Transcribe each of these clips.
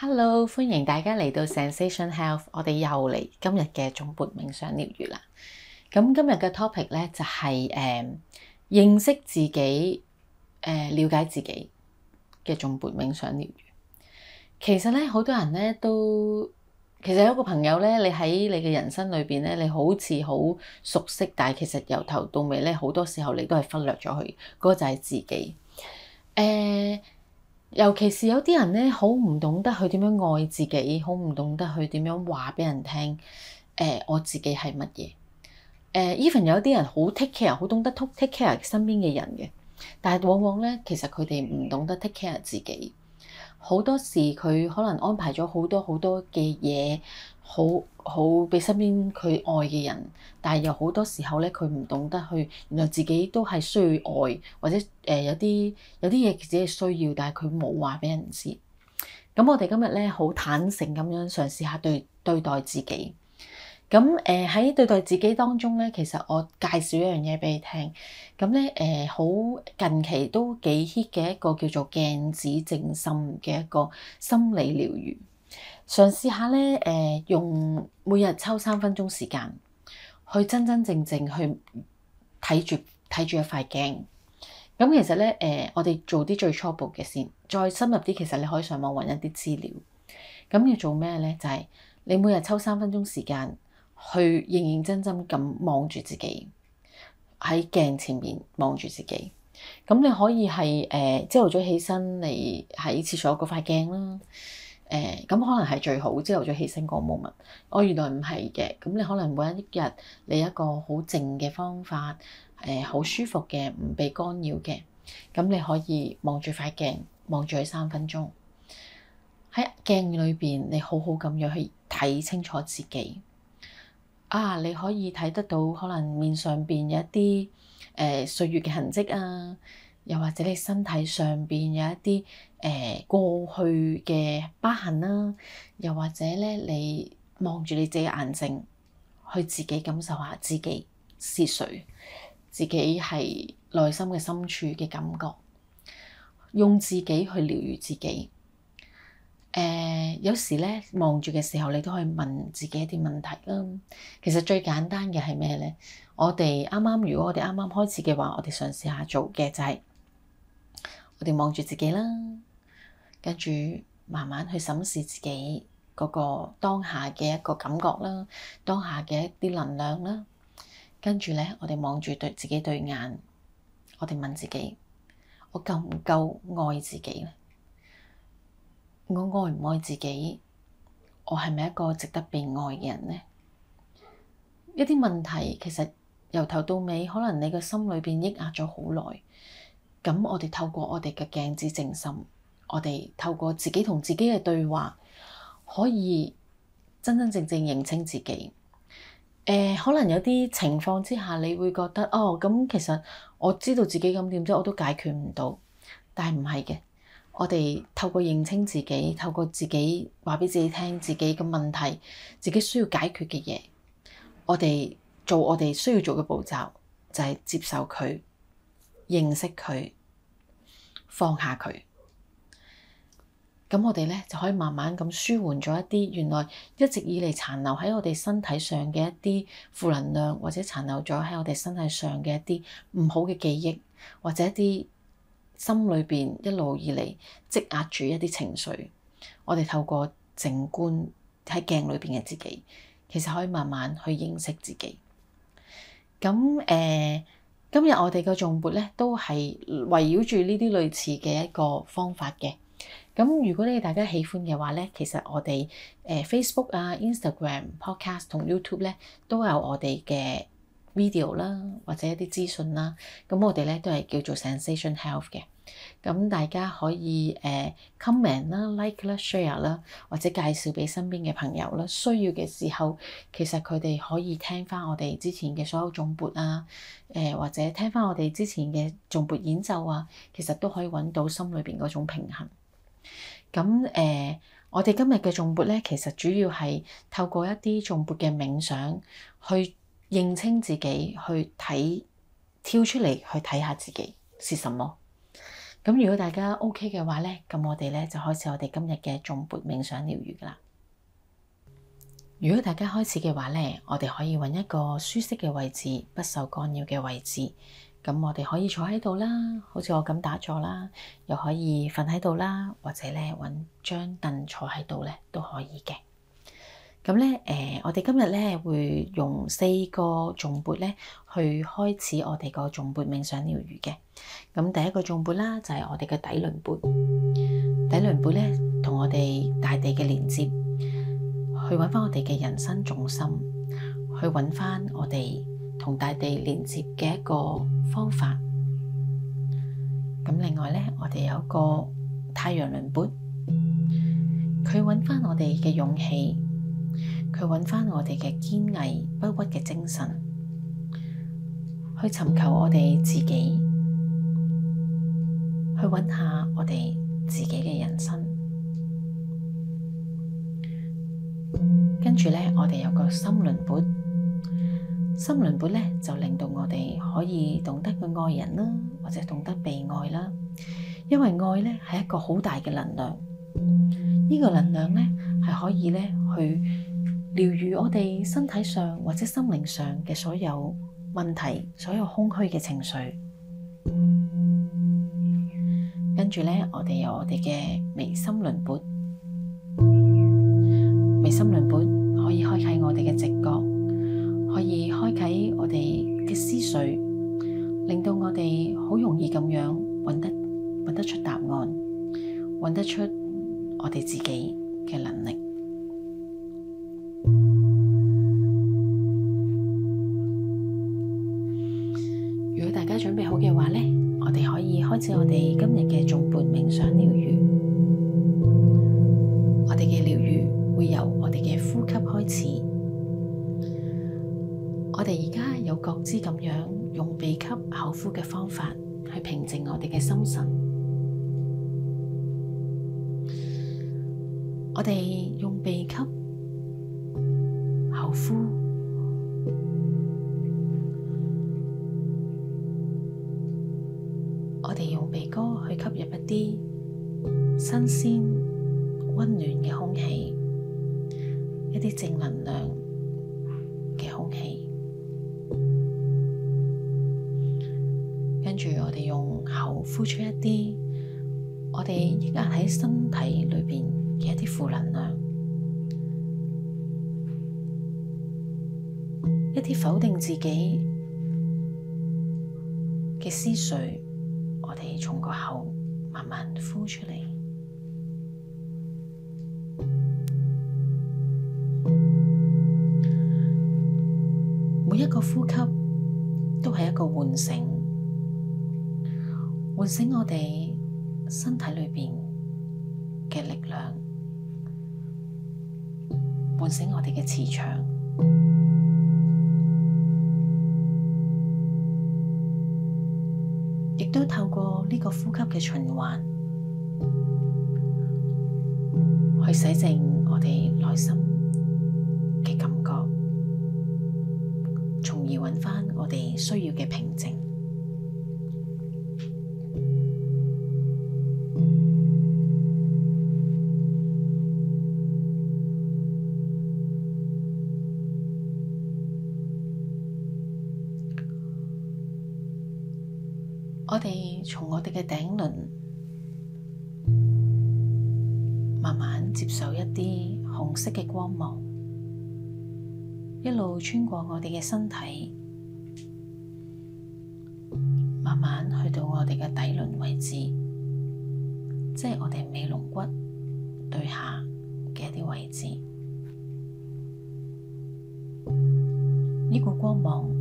Hello，歡迎大家嚟到 Zensation Health，我哋又嚟今日嘅頌缽冥想療癒啦。咁今日嘅 topic 咧就係、是、誒、嗯、認識自己誒、嗯、了解自己嘅頌缽冥想療癒。其實咧好多人咧都，其實有一個朋友咧，你喺你嘅人生裏邊咧，你好似好熟悉，但係其實由頭到尾咧，好多時候你都係忽略咗佢，嗰、那個就係自己誒。嗯尤其是有啲人咧，好唔懂得去點樣愛自己，好唔懂得去點樣話俾人聽。誒，我自己係乜嘢？誒，even 有啲人好 take care，好懂得 take care 身邊嘅人嘅，但係往往咧，其實佢哋唔懂得 take care 自己。好多時佢可能安排咗好多好多嘅嘢。好好俾身邊佢愛嘅人，但係又好多時候咧，佢唔懂得去，原來自己都係需要愛，或者誒、呃、有啲有啲嘢自己需要，但係佢冇話俾人知。咁我哋今日咧好坦誠咁樣嘗試下對，對待自己。咁誒喺對待自己當中咧，其實我介紹一樣嘢俾你聽。咁咧誒好近期都幾 hit 嘅一個叫做鏡子正心嘅一個心理療愈。嘗試下咧，誒、呃，用每日抽三分鐘時間去真真正正去睇住睇住一塊鏡。咁其實咧，誒、呃，我哋做啲最初步嘅先，再深入啲，其實你可以上網搵一啲資料。咁要做咩咧？就係、是、你每日抽三分鐘時間去認認真真咁望住自己喺鏡前面望住自己。咁你可以係誒，朝、呃、早起身嚟喺廁所嗰塊鏡啦。誒咁、嗯、可能係最好，朝頭早起身嗰 moment。我、哦、原來唔係嘅，咁、嗯、你可能每一日你一個好靜嘅方法，誒、嗯、好舒服嘅，唔被干擾嘅，咁、嗯、你可以望住塊鏡，望住佢三分鐘。喺鏡裏邊，你好好咁樣去睇清楚自己。啊，你可以睇得到可能面上邊有一啲誒、嗯、歲月嘅痕跡啊。又或者你身體上邊有一啲誒、呃、過去嘅疤痕啦，又或者咧你望住你自己眼睛，去自己感受下自己是誰，自己係內心嘅深處嘅感覺，用自己去療癒自己。誒、呃，有時咧望住嘅時候，你都可以問自己一啲問題啦。其實最簡單嘅係咩咧？我哋啱啱如果我哋啱啱開始嘅話，我哋嘗試下做嘅就係、是。我哋望住自己啦，跟住慢慢去審視自己嗰個當下嘅一個感覺啦，當下嘅一啲能量啦，跟住咧我哋望住對自己對眼，我哋問自己：我夠唔夠愛自己咧？我愛唔愛自己？我係咪一個值得被愛嘅人咧？一啲問題其實由頭到尾，可能你嘅心裏邊抑壓咗好耐。咁我哋透過我哋嘅鏡子靜心，我哋透過自己同自己嘅對話，可以真真正正認清自己。誒、呃，可能有啲情況之下，你會覺得哦，咁其實我知道自己咁點啫，我都解決唔到。但係唔係嘅，我哋透過認清自己，透過自己話俾自己聽，自己嘅問題，自己需要解決嘅嘢，我哋做我哋需要做嘅步驟，就係、是、接受佢。認識佢，放下佢，咁我哋呢就可以慢慢咁舒緩咗一啲原來一直以嚟殘留喺我哋身體上嘅一啲負能量，或者殘留咗喺我哋身體上嘅一啲唔好嘅記憶，或者一啲心裏邊一路以嚟積壓住一啲情緒。我哋透過靜觀喺鏡裏邊嘅自己，其實可以慢慢去認識自己。咁誒。呃今日我哋嘅重播咧，都係圍繞住呢啲類似嘅一個方法嘅。咁如果你大家喜歡嘅話咧，其實我哋誒 Facebook 啊、Instagram、Podcast 同 YouTube 咧，都有我哋嘅 video 啦，或者一啲資訊啦。咁我哋咧都係叫做 Zensation Health 嘅。咁大家可以誒 comment 啦、like 啦、share 啦，或者介紹俾身邊嘅朋友啦。需要嘅時候，其實佢哋可以聽翻我哋之前嘅所有頌缽啊，誒、呃、或者聽翻我哋之前嘅頌缽演奏啊，其實都可以揾到心裏邊嗰種平衡。咁、嗯、誒、呃，我哋今日嘅頌缽咧，其實主要係透過一啲頌缽嘅冥想去認清自己，去睇跳出嚟去睇下自己是什麼。咁如果大家 OK 嘅話呢，咁我哋呢，就開始我哋今日嘅頌缽冥想療癒㗎喇。如果大家開始嘅話呢，我哋可以揾一個舒適嘅位置，不受干擾嘅位置。咁我哋可以坐喺度啦，好似我咁打坐啦，又可以瞓喺度啦，或者呢揾張凳坐喺度呢，都可以嘅。咁咧，誒、呃，我哋今日咧會用四個頌缽咧去開始我哋個頌缽冥想療癒嘅。咁第一個頌缽啦，就係、是、我哋嘅底輪缽。底輪缽咧，同我哋大地嘅連接，去搵返我哋嘅人生重心，去搵返我哋同大地連接嘅一個方法。咁另外咧，我哋有一個太陽輪缽，佢搵返我哋嘅勇氣。佢揾翻我哋嘅堅毅不屈嘅精神，去尋求我哋自己，去揾下我哋自己嘅人生。跟住呢，我哋有個心輪盤，心輪盤呢，就令到我哋可以懂得去愛人啦，或者懂得被愛啦。因為愛呢係一個好大嘅能量，呢、這個能量呢係可以呢去。療癒我哋身體上或者心靈上嘅所有問題，所有空虛嘅情緒。跟住呢，我哋有我哋嘅眉心輪缽，眉心輪缽可以開啟我哋嘅直覺，可以開啟我哋嘅思緒，令到我哋好容易咁樣揾得揾得出答案，揾得出我哋自己嘅能力。我哋今日嘅頌缽冥想療癒，我哋嘅療癒會由我哋嘅呼吸開始。我哋而家有覺知咁樣用鼻吸口呼嘅方法去平靜我哋嘅心神。我哋用鼻吸口呼。多去吸入一啲新鮮、溫暖嘅空氣，一啲正能量嘅空氣，跟住我哋用口呼出一啲我哋而家喺身體裏面嘅一啲負能量，一啲否定自己嘅思緒。從個口慢慢呼出嚟，每一個呼吸都係一個喚醒，喚醒我哋身體裏邊嘅力量，喚醒我哋嘅磁場。透過呢個呼吸嘅循環，去洗淨我哋內心嘅感覺，從而揾翻我哋需要嘅平靜。從我哋嘅頂輪慢慢接受一啲紅色嘅光芒，一路穿過我哋嘅身體，慢慢去到我哋嘅底輪位置，即係我哋尾龍骨對下嘅一啲位置，呢個光芒。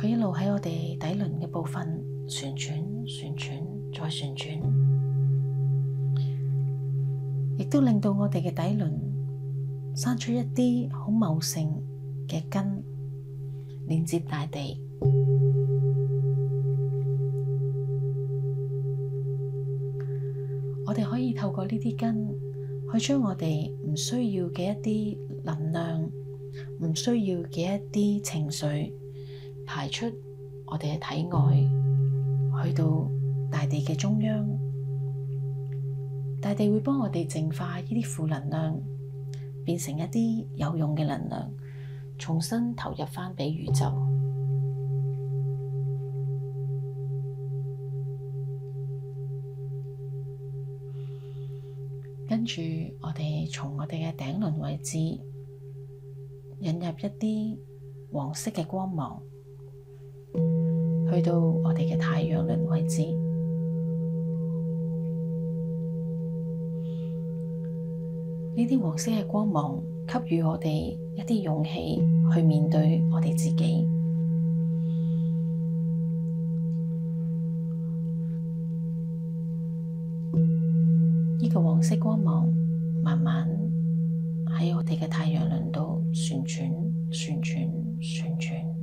佢一路喺我哋底輪嘅部分旋轉、旋轉、再旋轉，亦都令到我哋嘅底輪生出一啲好茂盛嘅根，連接大地。我哋可以透過呢啲根去將我哋唔需要嘅一啲能量、唔需要嘅一啲情緒。排出我哋嘅體外，去到大地嘅中央，大地會幫我哋淨化呢啲負能量，變成一啲有用嘅能量，重新投入翻畀宇宙。跟住我哋從我哋嘅頂輪位置引入一啲黃色嘅光芒。去到我哋嘅太陽輪位置，呢啲黃色嘅光芒給予我哋一啲勇氣去面對我哋自己。呢、這個黃色光芒慢慢喺我哋嘅太陽輪度旋轉、旋轉、旋轉。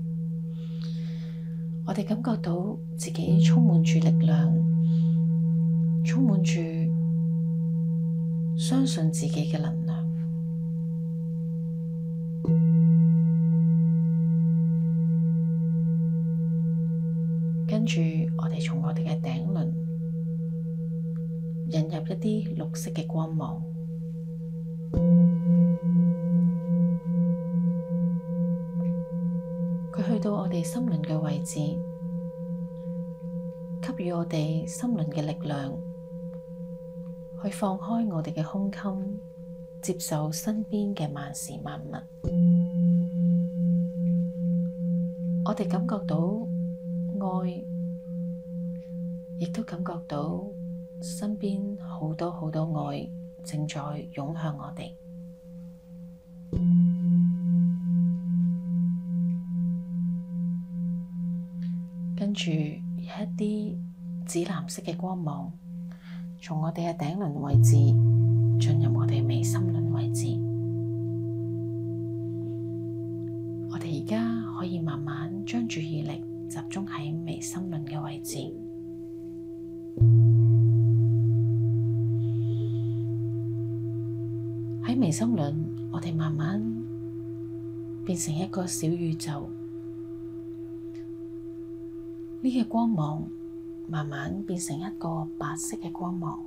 我哋感覺到自己充滿住力量，充滿住相信自己嘅能量。跟住，我哋從我哋嘅頂輪引入一啲綠色嘅光芒。我哋心輪嘅位置，給予我哋心輪嘅力量，去放開我哋嘅胸襟，接受身邊嘅萬事萬物。我哋感覺到愛，亦都感覺到身邊好多好多愛正在湧向我哋。跟住有一啲紫藍色嘅光芒，從我哋嘅頂輪位置進入我哋眉心輪位置。我哋而家可以慢慢將注意力集中喺眉心輪嘅位置。喺眉心輪，我哋慢慢變成一個小宇宙。呢個光芒慢慢變成一個白色嘅光芒，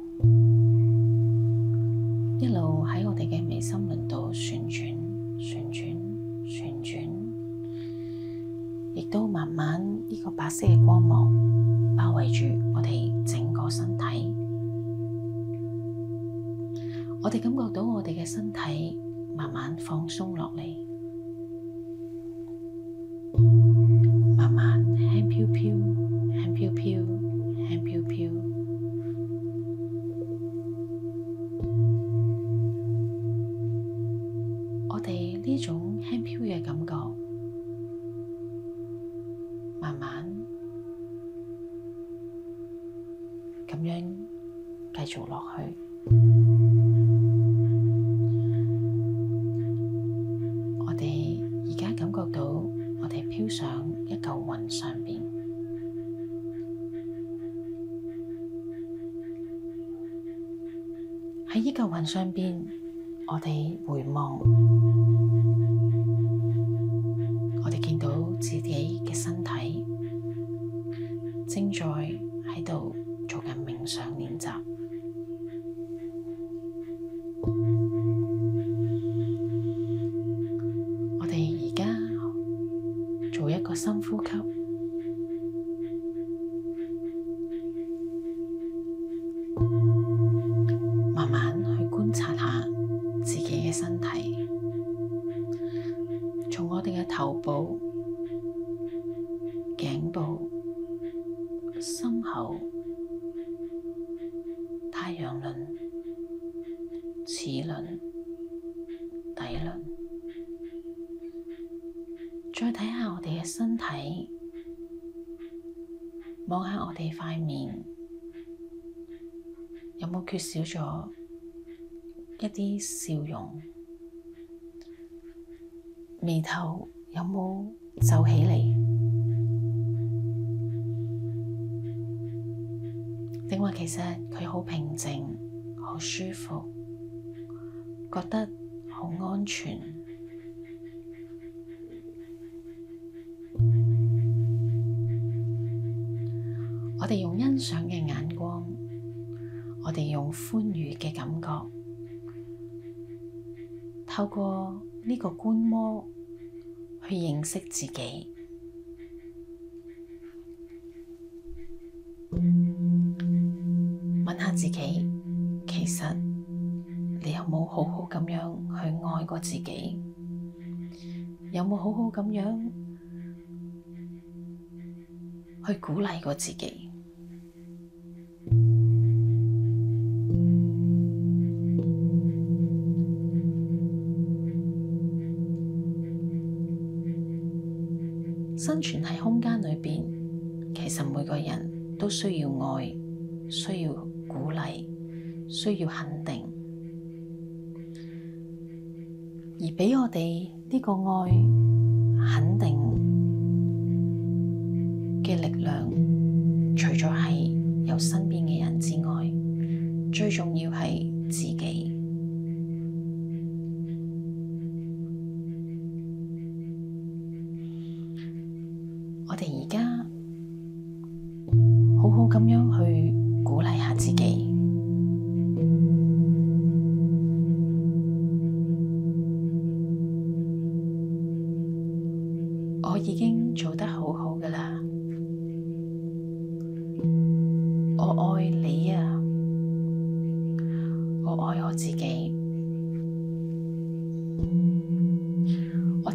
一路喺我哋嘅眉心輪度旋轉、旋轉、旋轉，亦都慢慢呢個白色嘅光芒包圍住我哋整個身體，我哋感覺到我哋嘅身體慢慢放鬆落嚟。上邊，我哋回望，我哋見到自己嘅身體正在喺度做緊冥想練習。望下我哋塊面有冇缺少咗一啲笑容，眉頭有冇皺起嚟？定話其實佢好平靜，好舒服，覺得好安全。我哋用欣賞嘅眼光，我哋用歡愉嘅感覺，透過呢個觀摩去認識自己，問下自己，其實你有冇好好咁樣去愛過自己？有冇好好咁樣去鼓勵過自己？個人都需要愛，需要鼓勵，需要肯定，而畀我哋呢個愛、肯定嘅力量，除咗係有身邊嘅人之外，最重要係。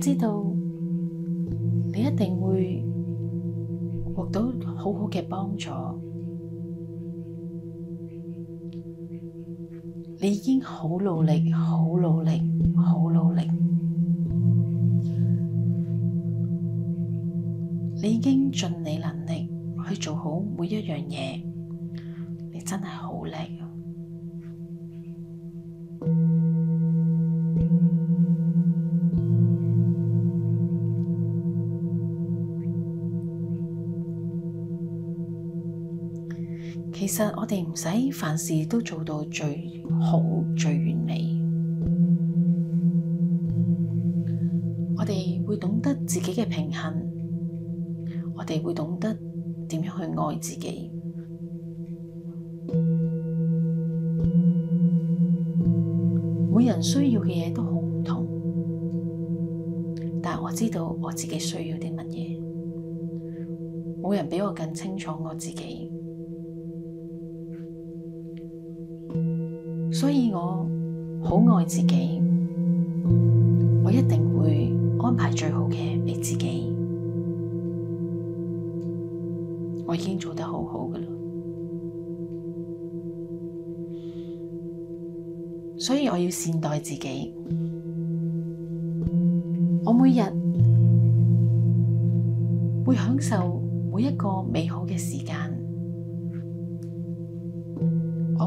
知道你一定會獲到好好嘅幫助，你已經好努力，好努力，好努力，你已經盡你能力去做好每一樣嘢，你真係好叻。其實我哋唔使凡事都做到最好、最完美。我哋會懂得自己嘅平衡，我哋會懂得點樣去愛自己。每人需要嘅嘢都好唔同，但我知道我自己需要啲乜嘢。冇人比我更清楚我自己。所以我好愛自己，我一定會安排最好嘅俾自己。我已經做得好好嘅啦，所以我要善待自己。我每日會享受每一個美好嘅時間。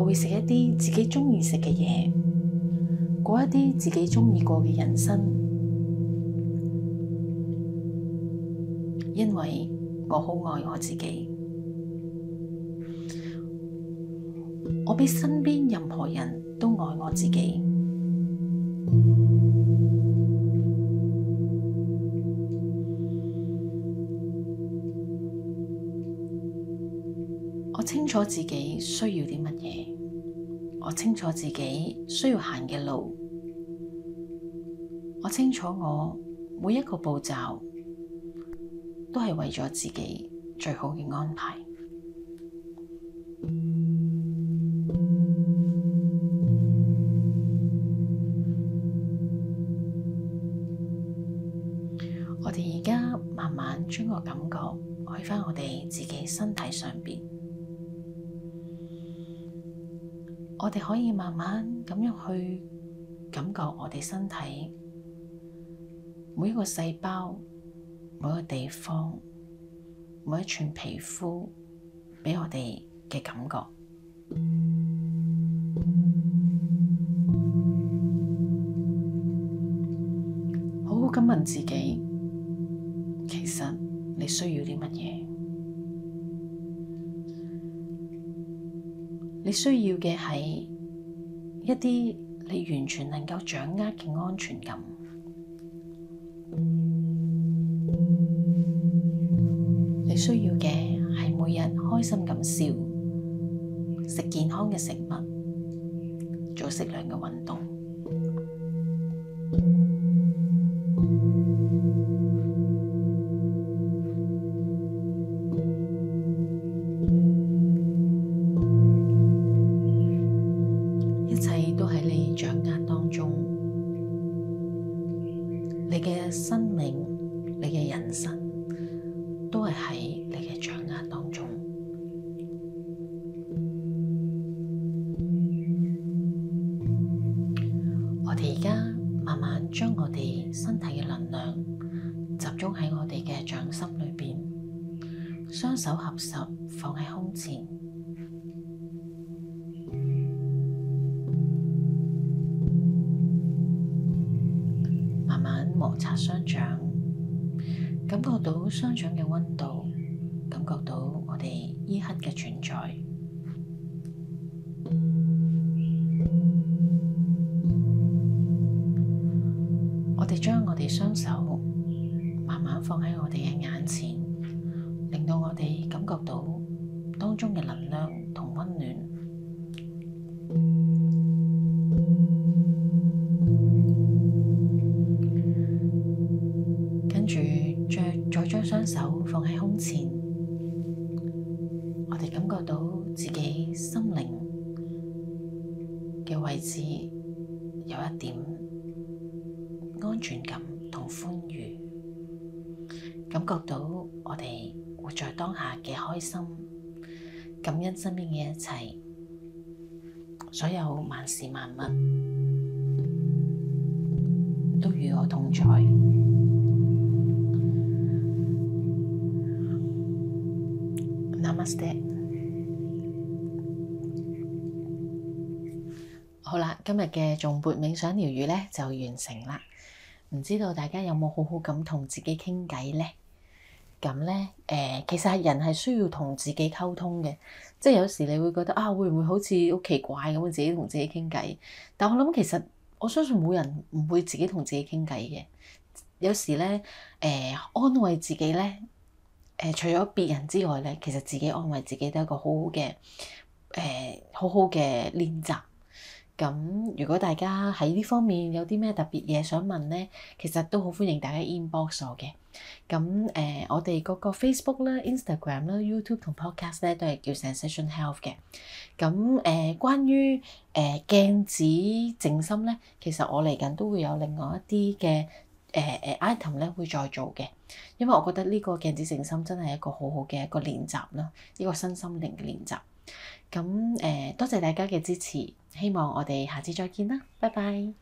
會食一啲自己鍾意食嘅嘢，過一啲自己鍾意過嘅人生，因為我好愛我自己，我比身邊任何人都愛我自己，我清楚自己需要啲乜嘢。我清楚自己需要行嘅路，我清楚我每一個步驟都係為咗自己最好嘅安排。 我哋而家慢慢將個感覺去翻我哋自己身體上邊。我哋可以慢慢咁樣去感覺我哋身體每一個細胞、每一個地方、每一寸皮膚畀我哋嘅感覺，好好咁問自己，其實你需要啲乜嘢？你需要嘅係一啲你完全能夠掌握嘅安全感。你需要嘅係每日開心咁笑，食健康嘅食物，做適量嘅運動。覺到我哋依刻嘅存在，我哋將我哋雙手慢慢放喺我哋嘅眼前，令到我哋感覺到當中嘅能量同溫暖。彼此有一點安全感同歡愉，感覺到我哋活在當下嘅開心，感恩身邊嘅一切，所有萬事萬物都與我同在。Namaste。今日嘅頌缽冥想療癒咧就完成啦，唔知道大家有冇好好咁同自己傾偈呢？咁呢，誒、呃，其實人係需要同自己溝通嘅，即係有時你會覺得啊，會唔會好似好奇怪咁自己同自己傾偈？但我諗，其實我相信冇人唔會自己同自己傾偈嘅。有時呢，誒、呃，安慰自己呢，呃、除咗別人之外呢，其實自己安慰自己都係一個好好嘅、呃，好好嘅練習。咁如果大家喺呢方面有啲咩特別嘢想問呢，其實都好歡迎大家 inbox 我嘅。咁誒、呃，我哋嗰個 Facebook 啦、Instagram 啦、YouTube 同 Podcast 咧，都係叫 Zensation Health 嘅。咁誒，關於誒、呃、鏡子靜心呢，其實我嚟緊都會有另外一啲嘅誒誒 item 咧，會再做嘅。因為我覺得呢個鏡子靜心真係一個好好嘅一個練習啦，呢個身心靈嘅練習。咁誒，呃，多謝大家嘅支持，希望我哋下次再見啦，拜拜。